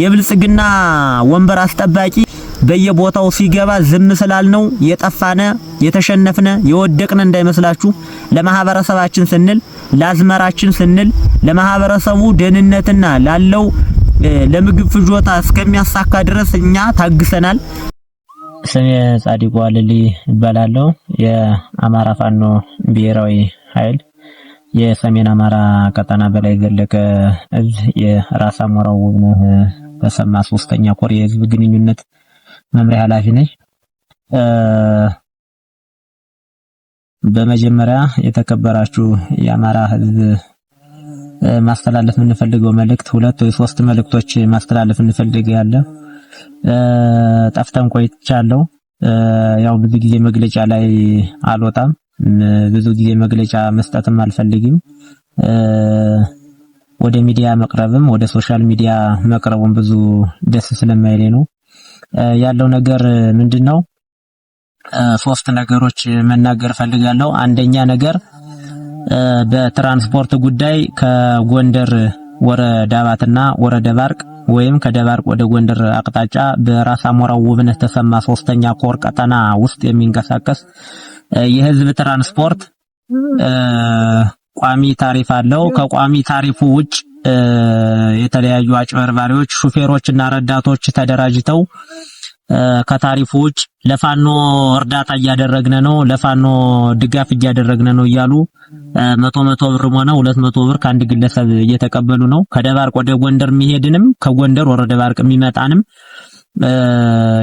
የብልጽግና ወንበር አስጠባቂ በየቦታው ሲገባ ዝም ስላልነው የጠፋነ የተሸነፍነ የወደቅነ እንዳይመስላችሁ። ለማህበረሰባችን ስንል ለአዝመራችን ስንል ለማህበረሰቡ ደህንነትና ላለው ለምግብ ፍጆታ እስከሚያሳካ ድረስ እኛ ታግሰናል። ስሜ ጻዲቁ አለሊ እባላለሁ። የአማራ ፋኖ ብሔራዊ ኃይል የሰሜን አማራ ቀጠና በላይ ዘለቀ እዝ የራስ አሞራው ውብነህ ተሰማ ሶስተኛ ኮር የህዝብ ግንኙነት መምሪያ ኃላፊ ነኝ። በመጀመሪያ የተከበራችሁ የአማራ ህዝብ ማስተላለፍ የምንፈልገው መልእክት ሁለት ወይ ሶስት መልእክቶች ማስተላለፍ እንፈልግ ያለ ጠፍተን ቆይቻለሁ። ያው ብዙ ጊዜ መግለጫ ላይ አልወጣም፣ ብዙ ጊዜ መግለጫ መስጠትም አልፈልግም። ወደ ሚዲያ መቅረብም ወደ ሶሻል ሚዲያ መቅረቡም ብዙ ደስ ስለማይሌ ነው። ያለው ነገር ምንድን ነው? ሶስት ነገሮች መናገር ፈልጋለሁ። አንደኛ ነገር በትራንስፖርት ጉዳይ ከጎንደር ወረ ዳባትና ወረ ደባርቅ ወይም ከደባርቅ ወደ ጎንደር አቅጣጫ በራስ አሞራው ውብነት ተሰማ ሶስተኛ ኮር ቀጠና ውስጥ የሚንቀሳቀስ የህዝብ ትራንስፖርት ቋሚ ታሪፍ አለው። ከቋሚ ታሪፉ ውጭ የተለያዩ አጭበርባሪዎች፣ ሹፌሮች እና ረዳቶች ተደራጅተው ከታሪፉ ውጭ ለፋኖ እርዳታ እያደረግን ነው፣ ለፋኖ ድጋፍ እያደረግን ነው እያሉ መቶ መቶ ብርም ሆነ ሁለት መቶ ብር ከአንድ ግለሰብ እየተቀበሉ ነው። ከደባርቅ ወደ ጎንደር የሚሄድንም ከጎንደር ወደ ደባርቅ የሚመጣንም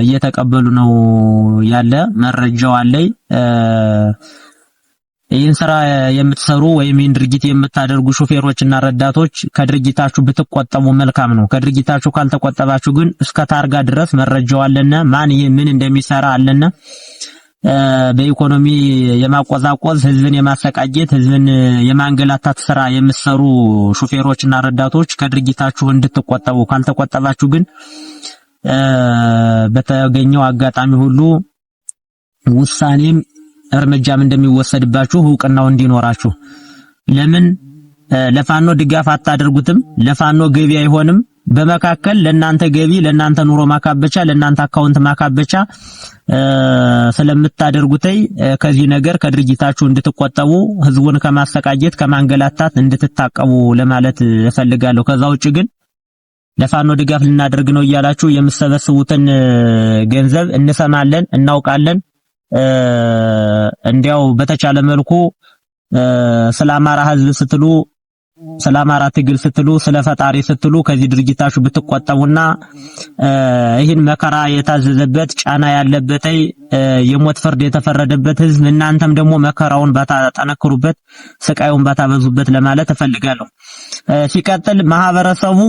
እየተቀበሉ ነው ያለ መረጃው አለኝ። ይህን ስራ የምትሰሩ ወይም ይህን ድርጊት የምታደርጉ ሹፌሮችና ረዳቶች ከድርጊታችሁ ብትቆጠቡ መልካም ነው። ከድርጊታችሁ ካልተቆጠባችሁ ግን እስከ ታርጋ ድረስ መረጃው አለና ማን ይህ ምን እንደሚሰራ አለና በኢኮኖሚ የማቆዛቆዝ ህዝብን የማሰቃየት ህዝብን የማንገላታት ስራ የምትሰሩ ሹፌሮችና ረዳቶች ከድርጊታችሁ እንድትቆጠቡ፣ ካልተቆጠባችሁ ግን በተገኘው አጋጣሚ ሁሉ ውሳኔም እርምጃም እንደሚወሰድባችሁ እውቅናው እንዲኖራችሁ። ለምን ለፋኖ ድጋፍ አታደርጉትም? ለፋኖ ገቢ አይሆንም። በመካከል ለናንተ ገቢ፣ ለናንተ ኑሮ ማካበቻ፣ ለናንተ አካውንት ማካበቻ ስለምታደርጉተይ ከዚህ ነገር ከድርጅታችሁ እንድትቆጠቡ ህዝቡን ከማሰቃየት ከማንገላታት እንድትታቀቡ ለማለት እፈልጋለሁ። ከዛ ውጭ ግን ለፋኖ ድጋፍ ልናደርግ ነው እያላችሁ የምሰበስቡትን ገንዘብ እንሰማለን፣ እናውቃለን። እንዲያው በተቻለ መልኩ ስለ አማራ ህዝብ ስትሉ ስለ አማራ ትግል ስትሉ ስለ ፈጣሪ ስትሉ ከዚህ ድርጊታችሁ ብትቆጠቡና ይህን መከራ የታዘዘበት ጫና ያለበት የሞት ፍርድ የተፈረደበት ህዝብ እናንተም ደግሞ መከራውን ባታጠነክሩበት፣ ስቃዩን ባታበዙበት ለማለት እፈልጋለሁ። ሲቀጥል ማህበረሰቡ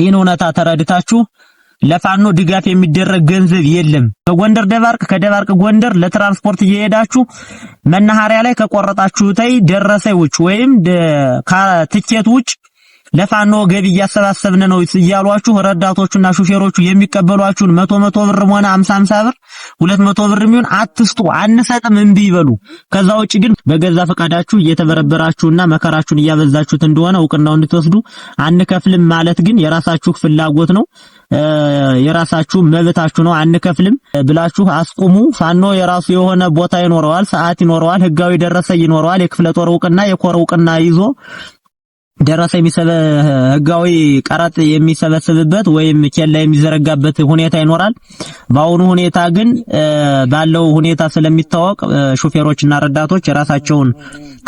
ይህን እውነታ ተረድታችሁ ለፋኖ ድጋፍ የሚደረግ ገንዘብ የለም። ከጎንደር ደባርቅ፣ ከደባርቅ ጎንደር ለትራንስፖርት እየሄዳችሁ መናኸሪያ ላይ ከቆረጣችሁ ታይ ደረሰ ውጭ ወይም ትኬት ውጭ ለፋኖ ገቢ እያሰባሰብን ነው እያሏችሁ ረዳቶቹና ሹፌሮቹ የሚቀበሏችሁን መቶ መቶ ብር ሆነ አምሳ አምሳ ብር ሁለት መቶ ብር የሚሆን አትስጡ፣ አንሰጥም፣ እምቢ ይበሉ። ከዛ ውጭ ግን በገዛ ፈቃዳችሁ እየተበረበራችሁና መከራችሁን እያበዛችሁት እንደሆነ እውቅናው እንድትወስዱ አንከፍልም ማለት ግን የራሳችሁ ፍላጎት ነው፣ የራሳችሁ መብታችሁ ነው። አንከፍልም ብላችሁ አስቁሙ። ፋኖ የራሱ የሆነ ቦታ ይኖረዋል፣ ሰዓት ይኖረዋል፣ ህጋዊ ደረሰ ይኖረዋል፣ የክፍለ ጦር እውቅና የኮር እውቅና ይዞ ደረሰ የሚሰበ ህጋዊ ቀረጥ የሚሰበስብበት ወይም ኬላ የሚዘረጋበት ሁኔታ ይኖራል። በአሁኑ ሁኔታ ግን ባለው ሁኔታ ስለሚታወቅ ሹፌሮችና ረዳቶች የራሳቸውን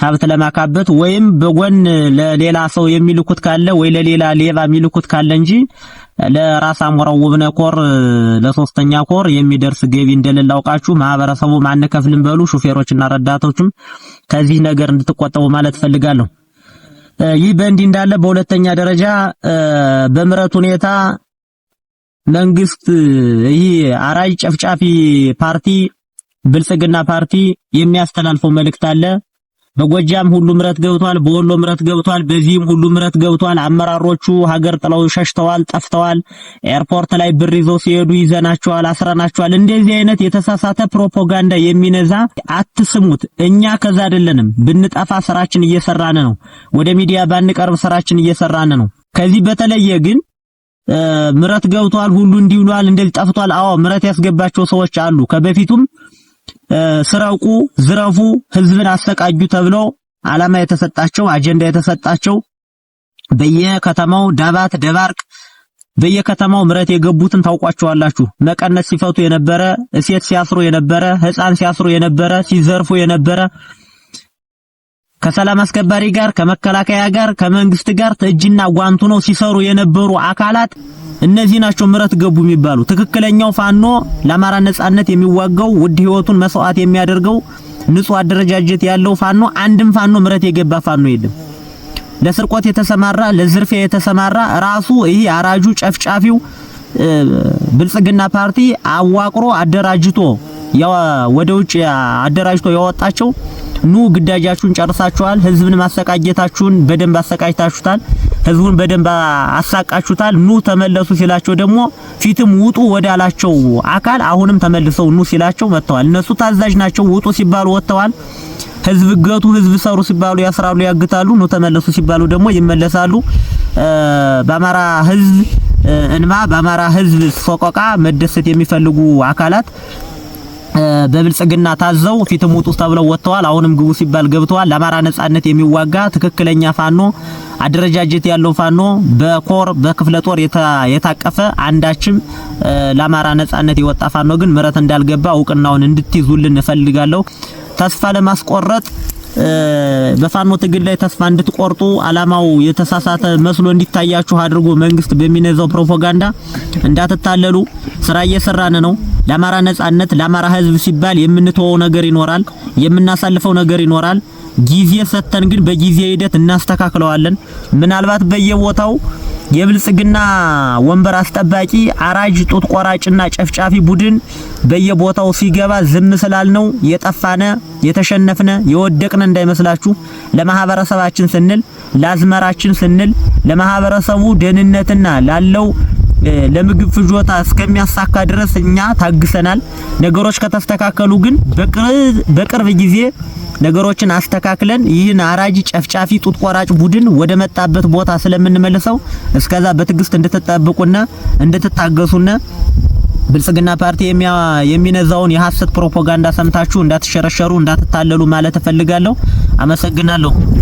ሀብት ለማካበት ወይም በጎን ለሌላ ሰው የሚልኩት ካለ ወይ ለሌላ ሌባ የሚልኩት ካለ እንጂ ለራስ አሞራው ውብነ ኮር ለሶስተኛ ኮር የሚደርስ ገቢ እንደሌለ አውቃችሁ ማህበረሰቡ በሉ ሹፌሮችና ረዳቶችም ከዚህ ነገር እንድትቆጠቡ ማለት ፈልጋለሁ። ይህ በእንዲህ እንዳለ በሁለተኛ ደረጃ በምረት ሁኔታ መንግስት ይህ አራጅ ጨፍጫፊ ፓርቲ ብልጽግና ፓርቲ የሚያስተላልፈው መልእክት አለ። በጎጃም ሁሉ ምረት ገብቷል፣ በወሎ ምረት ገብቷል፣ በዚህም ሁሉ ምረት ገብቷል። አመራሮቹ ሀገር ጥለው ሸሽተዋል፣ ጠፍተዋል። ኤርፖርት ላይ ብር ይዘው ሲሄዱ ይዘናቸዋል፣ አስረናቸዋል። እንደዚህ አይነት የተሳሳተ ፕሮፓጋንዳ የሚነዛ አትስሙት። እኛ ከዛ አይደለንም። ብንጠፋ ስራችን እየሰራን ነው። ወደ ሚዲያ ባንቀርብ ስራችን እየሰራን ነው። ከዚህ በተለየ ግን ምረት ገብቷል፣ ሁሉ እንዲውሏል፣ እንደዚህ ጠፍቷል። አዎ ምረት ያስገባቸው ሰዎች አሉ ከበፊቱም ስረቁ፣ ዝረፉ፣ ህዝብን አሰቃጁ ተብሎ አላማ የተሰጣቸው አጀንዳ የተሰጣቸው በየከተማው ዳባት፣ ደባርቅ በየከተማው ምረት የገቡትን ታውቋቸዋላችሁ። መቀነት ሲፈቱ የነበረ እሴት ሲያስሩ የነበረ ህፃን ሲያስሩ የነበረ ሲዘርፉ የነበረ ከሰላም አስከባሪ ጋር፣ ከመከላከያ ጋር፣ ከመንግስት ጋር እጅና ጓንቱ ነው ሲሰሩ የነበሩ አካላት እነዚህ ናቸው ምረት ገቡ የሚባሉ። ትክክለኛው ፋኖ ለአማራ ነጻነት የሚዋጋው ውድ ህይወቱን መስዋዕት የሚያደርገው ንጹህ አደረጃጀት ያለው ፋኖ አንድም ፋኖ ምረት የገባ ፋኖ የለም። ለስርቆት የተሰማራ ለዝርፊያ የተሰማራ ራሱ ይሄ አራጁ ጨፍጫፊው ብልጽግና ፓርቲ አዋቅሮ አደራጅቶ ወደ ውጭ አደራጅቶ ያወጣቸው ኑ ግዳጃችሁን ጨርሳችኋል፣ ህዝብን ማሰቃጀታችሁን በደንብ አሰቃይታችሁታል፣ ህዝቡን በደንብ አሳቃችሁታል፣ ኑ ተመለሱ ሲላቸው ደግሞ ፊትም ውጡ ወዳላቸው አካል አሁንም ተመልሰው ኑ ሲላቸው መጥተዋል። እነሱ ታዛዥ ናቸው። ውጡ ሲባሉ ወጥተዋል። ህዝብ ገቱ፣ ህዝብ ሰሩ ሲባሉ ያስራሉ፣ ያግታሉ። ኑ ተመለሱ ሲባሉ ደግሞ ይመለሳሉ። በአማራ ህዝብ እንማ በአማራ ህዝብ ሶቆቃ መደሰት የሚፈልጉ አካላት በብልጽግና ታዘው ፊትም ውጡ ተብለው ወጥተዋል። አሁንም ግቡ ሲባል ገብተዋል። ለአማራ ነጻነት የሚዋጋ ትክክለኛ ፋኖ አደረጃጀት ያለው ፋኖ በኮር በክፍለ ጦር የታቀፈ አንዳችም ለአማራ ነጻነት የወጣ ፋኖ ግን ምረት እንዳልገባ እውቅናውን እንድትይዙልን እፈልጋለሁ። ተስፋ ለማስቆረጥ በፋኖ ትግል ላይ ተስፋ እንድትቆርጡ አላማው የተሳሳተ መስሎ እንዲታያችሁ አድርጎ መንግስት በሚነዛው ፕሮፓጋንዳ እንዳትታለሉ። ስራ እየሰራን ነው። ለአማራ ነጻነት፣ ለአማራ ህዝብ ሲባል የምንተወው ነገር ይኖራል፣ የምናሳልፈው ነገር ይኖራል። ጊዜ ሰጥተን ግን በጊዜ ሂደት እናስተካክለዋለን። ምናልባት በየቦታው የብልጽግና ወንበር አስጠባቂ አራጅ ጡት ቆራጭና ጨፍጫፊ ቡድን በየቦታው ሲገባ ዝም ስላልነው የጠፋነ የተሸነፍነ የወደቅነ እንዳይመስላችሁ። ለማህበረሰባችን ስንል ለአዝመራችን ስንል ለማህበረሰቡ ደህንነትና ላለው ለምግብ ፍጆታ እስከሚያሳካ ድረስ እኛ ታግሰናል። ነገሮች ከተስተካከሉ ግን በቅርብ ጊዜ ነገሮችን አስተካክለን ይህን አራጅ ጨፍጫፊ ጡት ቆራጭ ቡድን ወደ መጣበት ቦታ ስለምንመልሰው እስከዛ በትዕግስት እንድትጠብቁና እንድትታገሱና ብልጽግና ፓርቲ የሚነዛውን የሐሰት ፕሮፓጋንዳ ሰምታችሁ እንዳትሸረሸሩ፣ እንዳትታለሉ ማለት እፈልጋለሁ። አመሰግናለሁ።